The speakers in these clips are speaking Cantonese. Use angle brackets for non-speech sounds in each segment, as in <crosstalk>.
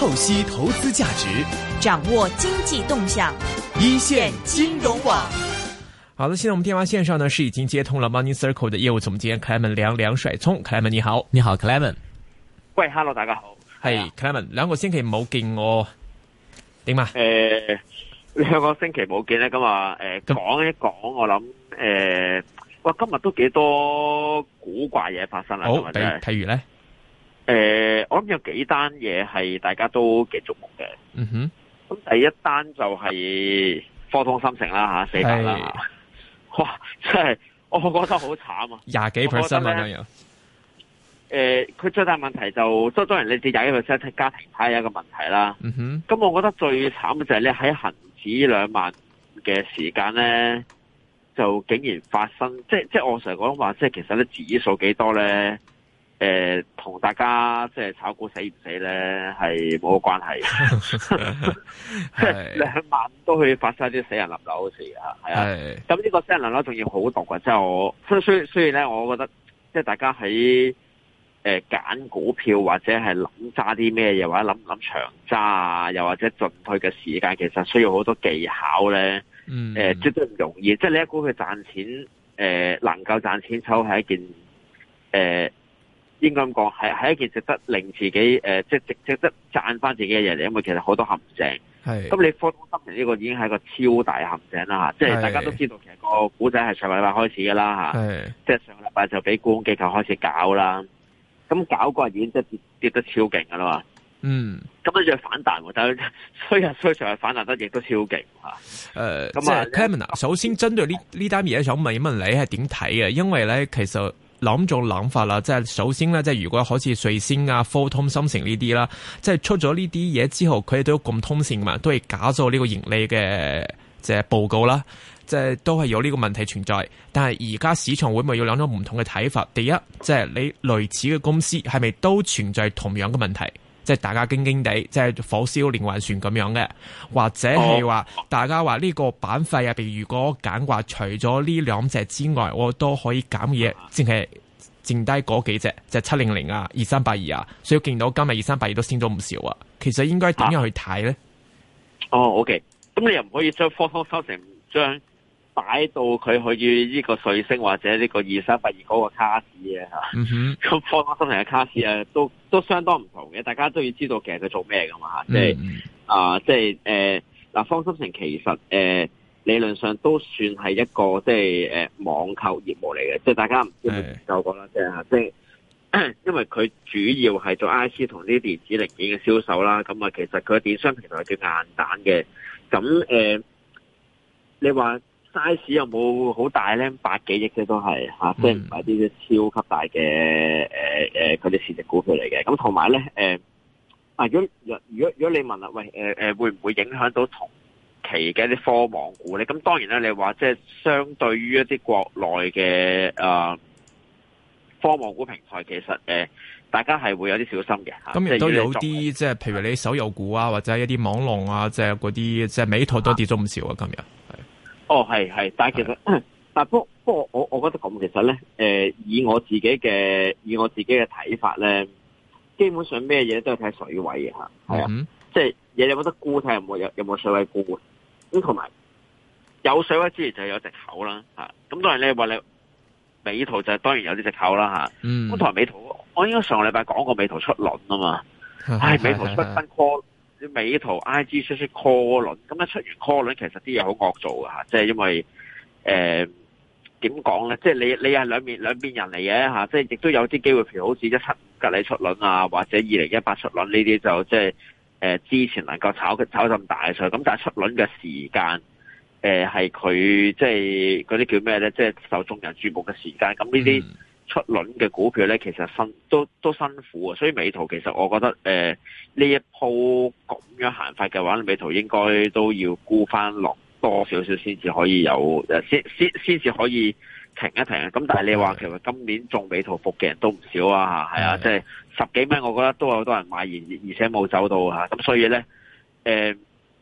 透析投資價值，掌握經濟動向，一線金融網。好了，現在我們電話線上呢是已經接通了 Money Circle 的業務總監 Clement 梁梁帥聰，Clement 你好，你好 Clement。喂、hey,，Hello，大家好。嗨 Hey, Hi ya.，Clement，兩個星期冇見我、哦，點啊？誒、呃，兩個星期冇見呢。今日誒講一講，我諗誒、呃，哇，今日都幾多古怪嘢發生啦。好、哦，比譬如呢？誒、呃，我諗有幾單嘢係大家都幾矚目嘅。嗯哼、mm，咁、hmm. 第一單就係科通芯城啦，吓死啦。Hey. 哇，真係，我覺得好慘啊！廿幾 percent 誒，佢、呃、最大問題就都當然你哋廿一 percent，睇家庭派有一個問題啦。Mm hmm. 嗯哼，咁我覺得最慘嘅就係咧喺恒指兩萬嘅時間咧，就竟然發生，即即係我成日講話，即係其實咧指數幾多咧。誒，同、呃、大家即係炒股死唔死咧，係冇關係嘅。 <laughs> <laughs> 是兩晚都可以發生啲死人冧樓嘅事啊，係啊。咁呢是、嗯、個死人冧樓仲要好毒嘅，即係我，所以所以咧，我覺得即係大家喺誒揀股票或者係諗揸啲咩嘢，或者諗唔諗長揸啊，又或者進退嘅時間，其實需要好多技巧咧。誒、呃，即係都唔容易。即係你一估佢賺錢，誒、呃，能夠賺錢抽係一件，誒、呃。應該咁講，係係一件值得令自己誒，即、呃、係值值得賺翻自己嘅嘢嚟。因為其實好多陷阱，係咁是你科通芯城呢個已經係一個超大陷阱啦嚇。是即係大家都知道，其實個股仔係上個禮拜開始嘅啦嚇，是即係上個禮拜就俾沽空機構開始搞啦。咁搞過已經即係跌跌，跌得超勁嘅啦嘛。嗯，咁跟住反彈但係衰啊衰，上日反彈得亦都超勁嚇。誒咁啊，首先針對呢呢單嘢，嗯、想問一問你係點睇嘅？因為咧，其實諗做諗法啦，即係首先咧，即係如果好似瑞星 <noise> 啊、科通芯城呢啲啦，即係出咗呢啲嘢之後，佢哋都咁通情嘛，都係假做呢個盈利嘅即係報告啦，即係都係有呢個問題存在。但係而家市場會唔會有兩種唔同嘅睇法，第一即係你類似嘅公司係咪都存在同樣嘅問題？即係大家驚驚地，即係、就是、火燒連環船咁樣嘅，或者係話、哦哦、大家話呢個板塊入邊，如果揀話除咗呢兩隻之外，我都可以揀嘢，淨係剩低嗰幾隻，即係七零零啊、二三八二啊，所以見到今日二三八二都升咗唔少啊。其實應該點樣去睇咧、啊？哦，OK，咁你又唔可以將方方收成將。擺到佢去呢個水星或者呢個二三八二嗰個卡士啊，咁方心成嘅卡士啊，都都相當唔同嘅。大家都要知道其實佢做咩㗎嘛，即係、嗯、哼啊，即係誒嗱，方心成其實誒、呃、理論上都算係一個即係誒網購業務嚟嘅，即係大家唔知道有冇做過啦，即係是因為佢主要係做 I C 同呢啲電子零件嘅銷售啦。咁啊，其實佢嘅電商平台係叫硬蛋嘅。咁誒、呃，你話？size 有冇好大咧？百幾億都係吓，即係唔係啲超級大嘅誒佢啲市值股票嚟嘅，咁同埋咧誒，啊、呃，如果如果如果你問啦，喂、呃呃呃、會唔會影響到同期嘅啲科網股咧？咁當然啦，你話即係相對於一啲國內嘅啊、呃、科網股平台，其實、呃、大家係會有啲小心嘅吓，咁亦都有啲即係，如譬如你手遊股啊，或者一啲網龍啊，即係嗰啲即係美圖都跌咗唔少啊！今日。哦，係係，但係其實，的嗯、但係不過不過我我覺得咁其實咧，誒、呃、以我自己嘅以我自己嘅睇法咧，基本上咩嘢都係睇水位嘅吓，係啊，是的嗯、即係嘢有冇得沽，睇有冇有有冇水位沽，咁同埋有水位之餘就有只口啦吓，咁、啊、當然你話你美圖就當然有啲只口啦吓，咁、啊、同埋、嗯、美圖我應該上個禮拜講過美圖出輪啊嘛，係的、哎、美圖出新 <noise> 美圖 I.G 出出 call 輪，咁樣出完 call 輪，其實啲嘢好惡做噶吓，即係因為誒點講咧，即、呃、係、就是、你你係兩面兩邊人嚟嘅吓，即係亦都有啲機會譬如好似一七隔離出輪啊，或者二零一八出輪呢啲就即係誒之前能夠炒炒咁大嘅出的時間，咁但係出輪嘅時間誒係佢即係嗰啲叫咩咧，即、就、係、是、受眾人注目嘅時間，咁呢啲。出輪嘅股票呢，其實辛都都辛苦啊，所以美圖其實我覺得誒呢、呃、一鋪咁樣行法嘅話，美圖應該都要沽翻落多少少先至可以有，先先先至可以停一停。咁但係你話對其實今年中美圖服嘅人都唔少啊，係啊，即係對十幾蚊，我覺得都有好多人買，而而且冇走到嚇、啊，咁所以呢，誒、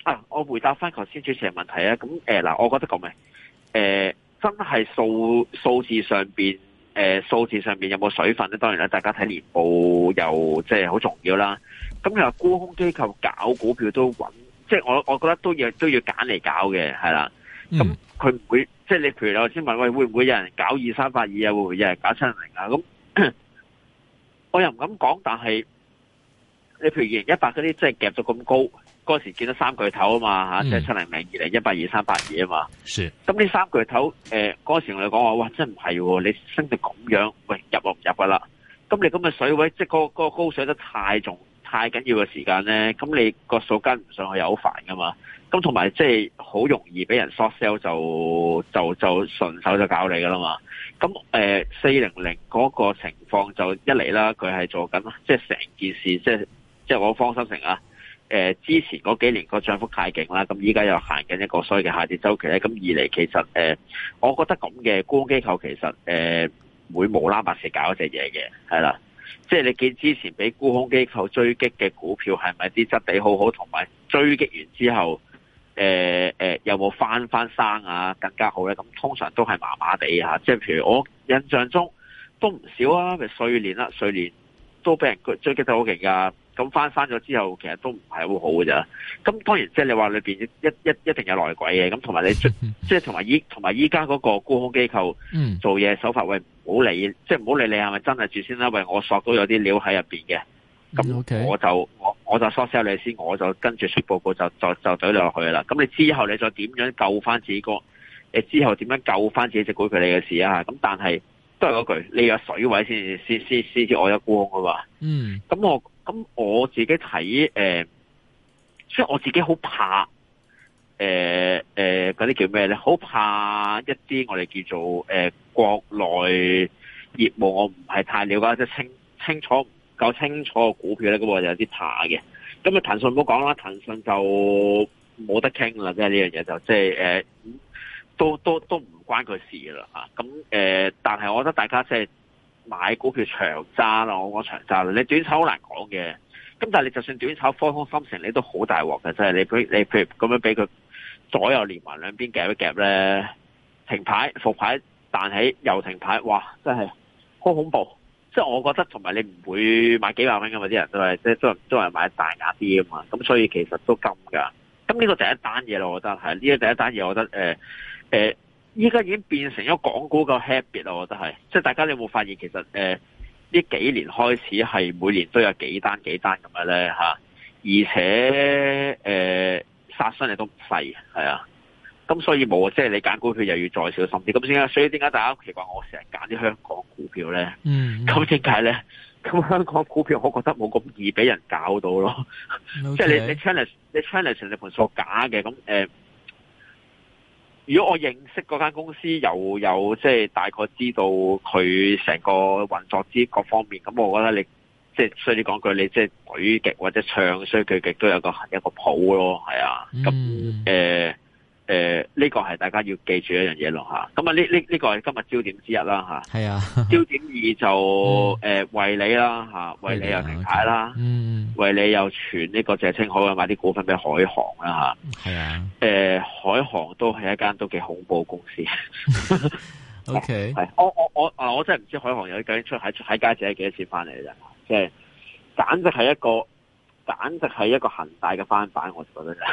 呃、啊，我回答翻頭先主持嘅問題啊，咁嗱、呃，我覺得講明誒真係數數字上面。誒、呃、數字上面有冇水份咧？當然啦，大家睇年報又即係好重要啦。咁又沽空機構搞股票都揾，即係我我覺得都要都要揀嚟搞嘅，係啦。咁佢唔會即係你譬如我先問喂，會唔會有人搞二三八二啊？會唔會有人搞七零零啊？咁我又唔敢講，但係你譬如二零一八嗰啲，即係夾到咁高。嗰時見到三巨頭啊嘛，即係七零零、二零、一八二、三八二啊嘛。咁呢是三巨頭，誒、呃、嗰時我講話，哇真唔係喎，你升到咁樣，喂入我唔入噶啦。咁你咁嘅水位，即係、嗰個嗰個高水得太重、太緊要嘅時間咧，咁你個數跟唔上去又好煩噶嘛。咁同埋即係好容易俾人 short sell 就就就，就順手就搞你噶啦嘛。咁誒四零零嗰個情況就一嚟啦，佢係做緊啦，即係成件事，即係即係我方心城啊。誒之前嗰幾年個漲幅太勁啦，咁依家又在行緊一個所謂嘅下跌周期咧。咁二嚟其實誒，我覺得咁嘅沽空機構其實誒會無啦啦白事搞一隻嘢嘅，係啦。即係你見之前俾沽空機構追擊嘅股票係咪啲質地好好，同埋追擊完之後誒誒有冇翻翻生啊，更加好咧？咁通常都係麻麻地嚇，即係譬如我印象中都唔少啊，譬如瑞聯啦，瑞聯都俾人追擊得好勁㗎。咁翻翻咗之後，其實都唔係好好嘅咋。咁當然，即係你話裏面一一一定有內鬼嘅。咁同埋你即係同埋依同埋依家嗰個沽空機構做嘢、嗯、手法，喂，唔好理，即係唔好理你係咪真係住先啦。喂，我索到有啲料喺入面嘅，咁我就、嗯 okay. 我我就索 sell 你先，我就跟住出報告就，就就就懟落去啦。咁你之後你再點樣救翻自己個？你之後點樣救翻自己隻股票你嘅事啊？咁但係都係嗰句，你有水位先先先先至我一沽空噶嘛。嗯，咁我。咁我自己睇，誒，所以我自己好怕，誒誒，嗰啲叫咩咧？好怕一啲我哋叫做誒國內業務，我唔係太了解，即係清清楚夠清楚嘅股票咧，咁我就有啲怕嘅。咁啊，騰訊唔好講啦，騰訊就冇得傾啦，即係呢樣嘢就即係誒，都都都唔關佢事啦，吓。咁誒，但係我覺得大家即係。買股票長揸啦，我講長揸啦。你短炒好難講嘅，咁但係你就算短炒沽空新城，你都好大鑊嘅，即係你佢你譬如咁樣俾佢左右連環兩邊夾一夾咧，停牌復牌彈起又停牌，哇！真係好恐怖。即係我覺得同埋你唔會買幾百蚊噶嘛，啲人都係即係都係都係買大額啲啊嘛。咁所以其實都金㗎。咁呢個第一單嘢啦，我覺得係呢個第一單嘢，我覺得誒誒。呃呃依家已經變成咗港股個 habit 啦，我覺得係，即係大家你有冇發現其實誒呢、呃、幾年開始係每年都有幾單幾單咁樣咧嚇，而且誒殺傷力都唔細，係、呃、啊，咁所以冇啊，即係你揀股票又要再小心啲。咁點解？所以點解大家好奇怪我成日揀啲香港股票咧？嗯，咁點解咧？咁香港股票我覺得冇咁易俾人搞到咯，okay. 即係你你 Charles 你 Charles 成只盤數假嘅，咁誒。呃如果我認識嗰間公司，又有即係大概知道佢成個運作之各方面，咁我覺得你即係衰啲你講句，你即係舉嘅或者唱衰佢嘅都有個一個譜咯，係啊，咁誒。嗯。誒，呢、呃這個係大家要記住一樣嘢咯吓，咁啊呢呢呢個係今日焦點之一啦吓。係啊，啊焦點二就誒、嗯呃、為你啦吓、啊，為你又停牌啦，啊、okay, 嗯，為你又傳呢個謝清海買買啲股份俾海航啦吓。係啊，誒、啊啊、海航都係一間都幾恐怖公司。O K，係我我我啊，我真係唔知海航有啲究竟出喺喺街借幾多錢翻嚟嘅啫，即、就、係、是、簡直係一個簡直係一個恒大嘅翻版，我就覺得。啊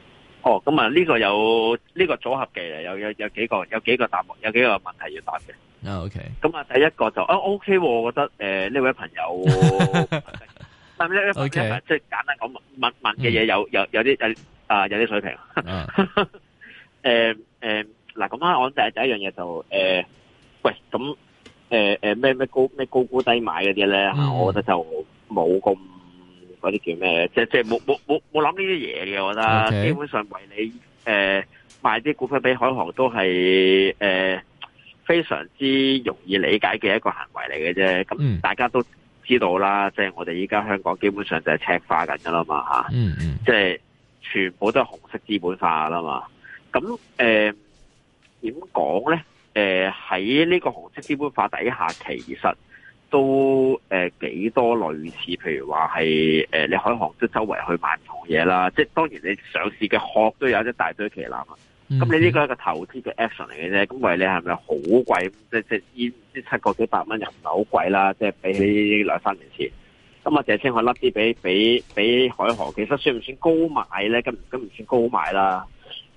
哦，咁啊，呢個有呢、呢個組合嘅，有有有幾個，有幾個答，有幾個問題要答嘅。啊，OK。咁啊，第一個就啊，OK，我覺得誒呢、呃、位朋友，係咪咧？OK，即係簡單講問問嘅嘢、嗯，有有有啲啊有啲水平。誒誒，嗱咁啊， <laughs> 呃呃、我第第一樣嘢就誒、呃，喂，咁誒誒咩咩高咩高估低買嗰啲咧，我覺得就冇咁。嗰啲叫咩？即係即係冇冇冇冇諗呢啲嘢嘅，我覺得 Okay. 基本上為你誒、呃、賣啲股份俾海航都係誒、呃、非常之容易理解嘅一個行為嚟嘅啫。咁大家都知道啦，即係、mm. 我哋依家香港基本上就係赤化緊噶啦嘛吓，即係、mm. 全部都係紅色資本化啦嘛。咁誒點講咧？誒、呃、喺呢、呃、個紅色資本化底下，其實。都誒、呃、幾多類似，譬如話係誒你海航都周圍去買唔同嘢啦，即係當然你上市嘅殼都有一隻大堆旗艦啊。咁、嗯、你呢個係一個投資嘅 action 嚟嘅啫，咁為你係咪好貴？即即係呢七個幾百蚊又唔係好貴啦，即係比起兩三年前，咁啊謝清海甩啲俾俾俾海航，其實算唔算高買咧？咁咁唔算高買啦，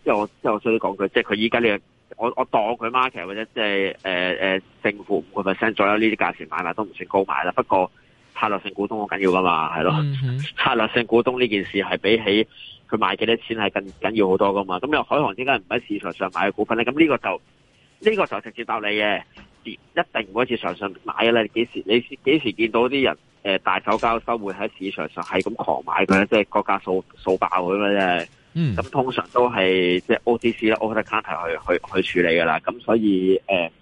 即係我即係我想講佢，即係佢依家呢個。我我當佢 market 其實或者即係誒誒正負五 percent 左右呢啲價錢買賣都唔算高買啦，不過策略性股東好緊要噶嘛，係咯？策、mm hmm. 略性股東呢件事係比起佢買幾多錢係更緊要好多噶嘛？咁又海航點解唔喺市場上買嘅股份咧？咁呢個就呢、這個就直接答你嘅，一定唔會喺市場上買嘅咧。幾時你幾時見到啲人誒、呃、大手交收會喺市場上係咁狂買嘅咧？即係國家掃掃爆咁啊！即係。嗯，咁通常都係即係 O T C 啦 Over the Counter 去去去處理噶啦，咁所以誒、呃，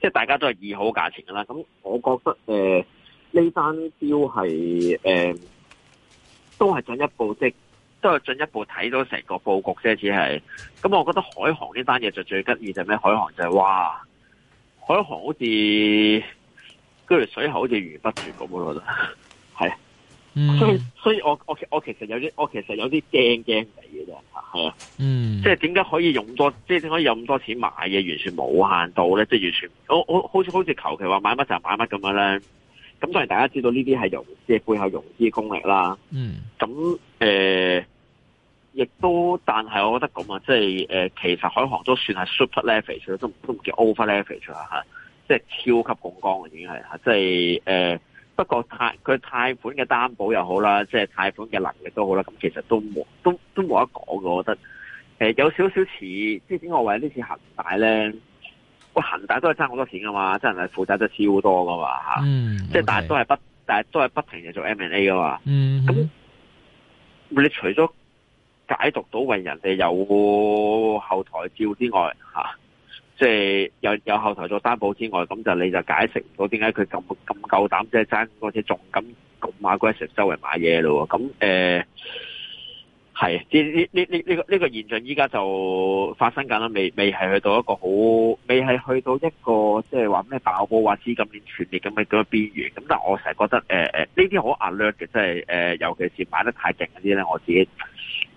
即係大家都係議好價錢噶啦，咁我覺得誒呢、呃、單標係誒都係進一步即都係進一步睇到成個布局先只係，咁我覺得海航呢單嘢就最得意就係咩？海航就係、是、哇，海航好似跟住水喉好似源源不絕咁我覺得。Mm. 所以，所以我我我其實有啲我其實有啲驚驚哋嘅啫吓，係啊，即係點解可以用多，即係可以有咁多錢買嘅，完全冇限到咧，即係完全，我我好似好似求其話買乜就買乜咁樣咧。咁當然大家知道呢啲係融資嘅背後融資嘅功力啦。咁誒、mm.，亦都，但係我覺得咁啊，即係誒，其實海航都算係 super leverage 都都唔叫 over leverage 啊吓，即係超級槓杆已經係吓，即係誒。就是呃不過貸佢貸款嘅擔保又好啦，即係貸款嘅能力都好啦，咁其實都冇都都冇得講嘅，我覺得誒、呃、有少少似即係點我話呢？啲似恒大咧，哇恒大都係爭好多錢噶嘛，真係負債得超多噶嘛吓，即係、嗯 okay、但係都係不但係都係不停嘅做 M&A 噶嘛，咁、嗯、哼你除咗解讀到為人哋有後台照之外，吓、啊。即係有，有後台做擔保之外，咁就你就解釋唔到點解佢咁咁夠膽即係爭嗰啲重金咁買股息，周圍買嘢咯喎。咁誒係呢呢呢個呢個現象，依家就發生緊啦，未係去到一個好，未係去到一個即係話咩大爆破、資金鏈斷裂咁嘅咁嘅邊緣。咁但係我成日覺得誒呢啲好壓力嘅，即係誒，尤其是買得太勁嗰啲呢，我自己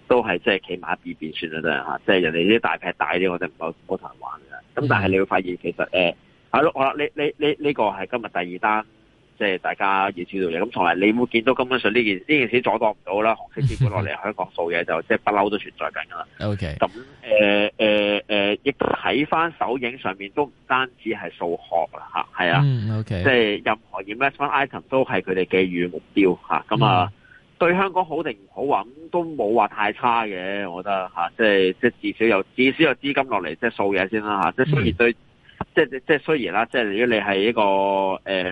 都係即係企埋一邊算啦，真係嚇即係人哋啲大劈大啲，我就唔好唔好同人玩。咁、嗯嗯、但係你會發現其實誒，係、呃、咯，好啦，你你你呢、這個係今日第二單，即係大家要知道嘅。咁同埋你會見到根本上呢件呢件事阻擋唔到啦，紅色基本落嚟，香港做嘢就即係不嬲都存在緊噶啦。O K. 咁，誒誒誒，亦睇翻首映上面都唔單止係數學啦吓，係、嗯、啊。O K. 即係任何 investment item 都係佢哋嘅遠目標吓，咁啊。對香港好定唔好話，都冇話太差嘅。我覺得吓、啊，即係即係至少有至少有資金落嚟，即係掃嘢先啦吓、啊，即係雖然對，即係即係雖然啦，即係如果你係一個誒、呃，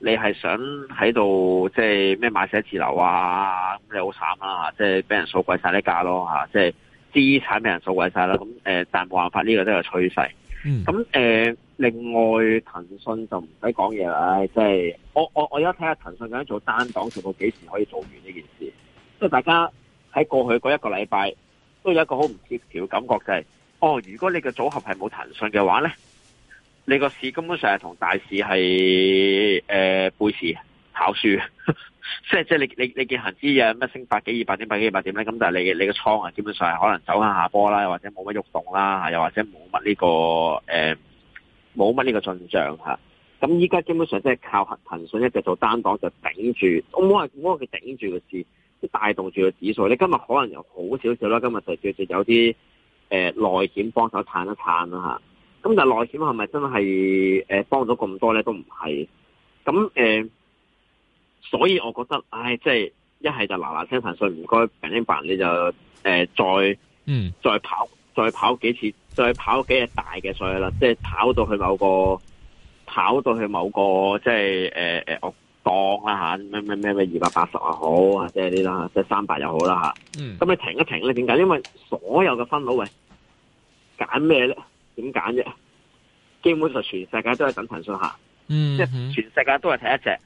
你係想喺度即係咩買寫字樓啊，咁你好慘啦，即係俾人掃鬼晒啲價咯吓，即係、啊、資產俾人掃鬼晒啦，咁、啊、誒，但係冇辦法，呢、這個都係趨勢。咁誒、嗯呃，另外騰訊就唔使講嘢啦，即、就、係、是、我我我而家睇下騰訊咁樣做單檔，做到幾時可以做完呢件事？即係大家喺過去嗰一個禮拜，都有一個好唔協調嘅感覺、就是，就係哦，如果你嘅組合係冇騰訊嘅話咧，你個市根本上係同大市係誒、呃、背時跑輸。 <laughs> 即係即係你你你見恒指啊咩升百幾二百點百幾二百點咧，咁但係你你個倉啊基本上係可能走下下波啦，又或者冇乜喐動啦，又或者冇乜呢個誒冇乜呢個進賬吓。咁依家基本上即係靠恒騰訊一直做單檔就頂住，我冇我佢頂住個事即帶帶動住個指數。你今日可能又好少少啦，今日就最少有啲誒內險幫手探一探啦吓。咁但係內險係咪真係誒幫到咁多咧？都唔係。咁誒。呃所以我覺得，唉、哎，即係一係就嗱嗱聲騰訊唔該緊頂辦，你就誒、呃、再嗯再跑再跑幾次，再跑幾隻大嘅水啦，即係跑到去某個跑到去某個即係誒誒，我當啦吓，咩咩咩咩二百八十又好啊，即係啲啦，即係三百又好啦吓。咁你停一停咧，點解？因為所有嘅分母喂揀咩咧？點揀啫？基本上全世界都係等騰訊下，嗯、哼即係全世界都係睇一隻。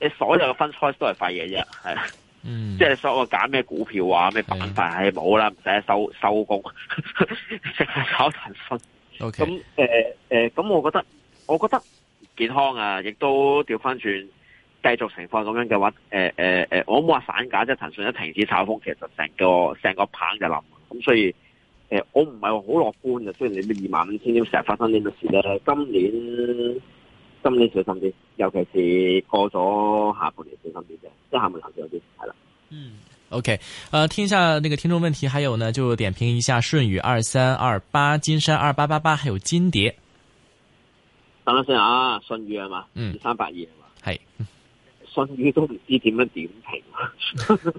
你所有嘅 fund choice 都係廢嘢啫，係，嗯、即係所有揀咩股票啊，咩板塊係冇啦，唔使收收工，淨係炒騰訊。咁誒誒，咁 Okay.、嗯呃呃嗯、我覺得，我覺得健康啊，亦都調翻轉，繼續情況咁樣嘅話，誒誒誒，我冇話散架，即係騰訊一停止炒風，其實成個成個棚就冧，咁、嗯、所以誒、呃，我唔係話好樂觀嘅，雖然你二萬五千點成日發生呢啲事咧、啊，今年。今年小心啲，尤其是過咗下半年小心啲啫。即係下半年少啲，係啦。嗯，OK，誒、呃，聽一下呢個聽眾問題，還有呢就點評一下順宇二三二八、金山二八八八，還有金蝶。等我先啊，順宇係嘛？嗯，三百二係嘛？係。信宇都唔知點樣點評，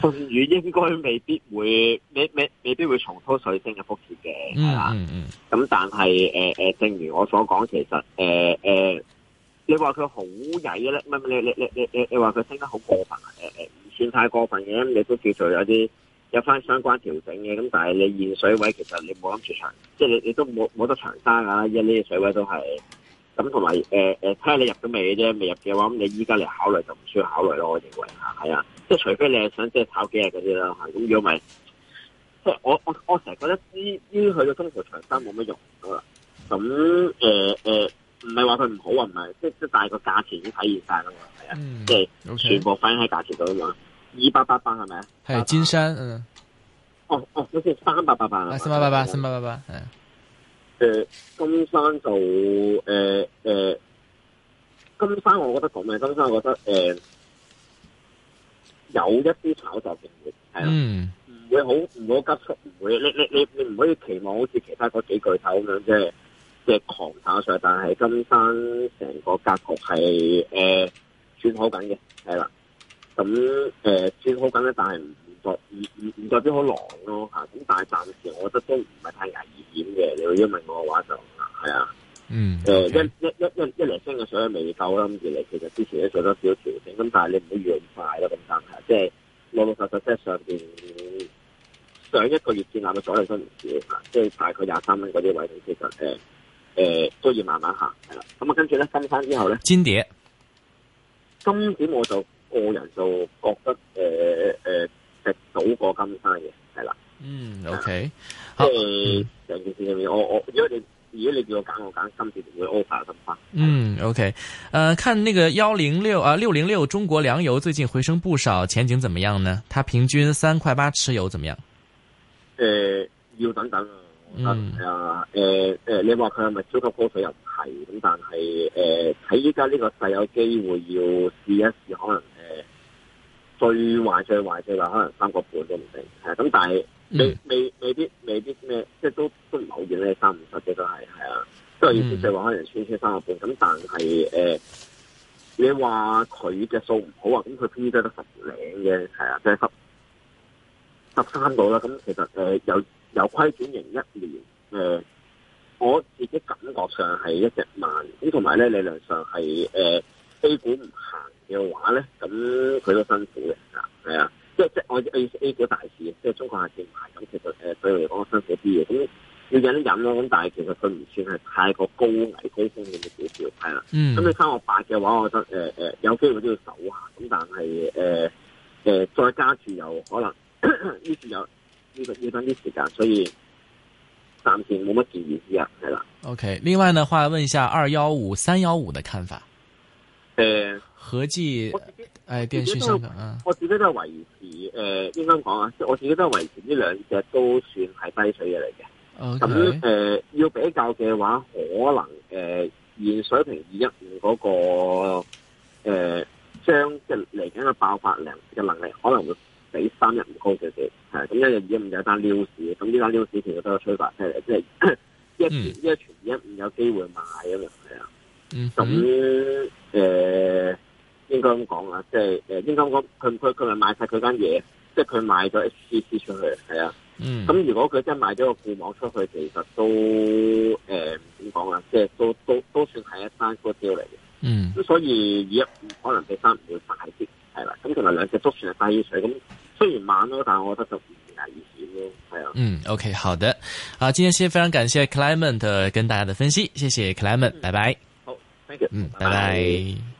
信 <laughs> 宇應該未必會，未未未必會重拖水星嘅幅次嘅，係啦。咁、mm hmm. 嗯、但係，誒、呃、誒，正如我所講，其實，誒、呃、誒、呃，你話佢好曳咧，係你你你你你你話佢升得好過分，誒誒，唔算太過分嘅，你都叫做有啲有翻相關調整嘅。咁但係你現水位，其實你冇諗住長，即係你你都冇冇得長揸噶啦，依家啲水位都係。咁同埋，誒誒、嗯，睇下、呃、你入咗未啫？未入嘅話，咁、嗯、你依家嚟考慮就唔需要考慮咯。我認為吓，係啊，即係除非你係想即係炒幾日啲啦吓。咁如果咪，即係我我我成日覺得呢佢嘅中條長衫冇乜用咁誒誒，唔係話佢唔好，嗯嗯、好啊，唔係、嗯，即係即係大個價錢已經體現晒啦嘛，係啊，即係全部反映喺價錢度咁嘛。二八八八係咪啊？係金山，哦哦，好似三八八三八八，三八八，誒、呃、金山就誒誒、呃呃，金山我覺得講咩？金山我覺得誒、呃，有一啲炒作成分係咯，唔、嗯、會好唔好急速，唔會你你你你唔可以期望好似其他嗰幾巨頭咁樣即係即係狂炒上，但係金山成個格局係誒、呃、轉好緊嘅，係啦，咁、嗯、誒、呃、轉好緊嘅，但係唔唔作唔唔唔代表好狼咯、哦、吓，咁但係暫時我覺得都唔係太危險。因為我嘅話就係啊，嗯，一一一一一升嘅水未夠啦。咁二嚟其實之前都做咗少少調整，咁但係你唔好樣快咯咁樣，即係老老實實即係上邊上一個月見難嘅阻力線唔少啊，即係大概廿三蚊嗰啲位，其實誒誒都要慢慢行，係啦。咁啊跟住咧金山之後咧，金蝶，我就個人就覺得誒誒值到過金山嘅，係啦，嗯，OK。誒，有、嗯、件事我我如果你你叫我揀，我揀今次會 over 咁返嗯，OK，誒、呃，看那個幺零六啊，六零六中國糧油最近回升不少，前景怎麼樣呢？它平均三塊八持有，怎麼樣？誒、呃，要等等啊，誒，誒、嗯呃，你話佢係咪超級高水又唔係，咁但係誒，喺依家呢個勢有機會要試一試，可能誒、呃、最壞最壞嘅話，可能三個半都唔定，係、呃、咁，但係。未未未必未必咩，即係、就是、都都唔好然咧，三五十嘅都係係啊，都係意思就係、是、話可能穿穿三啊半咁，但係誒、呃，你話佢嘅數唔好啊，咁佢 P 得得十零嘅係啊，即係十十三度啦。咁、um、其實誒、呃、有有規損型一年誒、呃，我自己感覺上係一億萬，咁同埋咧理論上係誒 A 股唔行嘅話咧，咁佢都辛苦嘅，係啊。即係我我意思 A 股大市，即係中國係跌埋咁，其實誒、呃、對我嚟講辛苦啲嘢咁要忍忍咯。咁但係其實佢唔算係太過高危、高風險嘅股票係啦。嗯。咁你三六八嘅話，我覺得誒誒、呃、有機會都要守下。咁但係誒誒再加住有可能，呢次有呢個要等啲時間，所以暫時冇乜建議先啊。係啦。OK，另外嘅話，問一下二幺五三幺五嘅看法。誒、呃，何計計，誒，電訊香港我自己都係懷疑。誒，應該講啊，我自己都係維持呢兩隻都算係低水嘅嚟嘅。咁誒 Okay.、呃，要比較嘅話，可能誒、呃、現水平二一五嗰個誒，將嘅嚟緊嘅爆發量嘅能力，可能會比三一五高啲嘅。係，咁一日二一五有單 news，咁呢單 news 其實都有催化出嚟，即係 <coughs> <coughs> 一一存二一五有機會買咁、嗯、哼樣，係、呃、啊。咁誒。應該咁講啦，即係誒，應該講佢佢佢咪賣晒佢間嘢，即係佢賣咗 HDC 出去，係啊。嗯。咁如果佢真係賣咗個固網出去，其實都誒點講啊，即係都都都算係一單高招嚟嘅。嗯。咁所以二一可能第三唔會快啲，係啦。咁其實兩隻都算係低水，咁雖然慢咯，但係我覺得就唔係危險咯。係啊。嗯，OK，好的。啊，今天先非常感謝 Clement 跟大家嘅分析，謝謝 Clement，拜拜。嗯、好，Thank you。嗯，拜拜 bye。Bye bye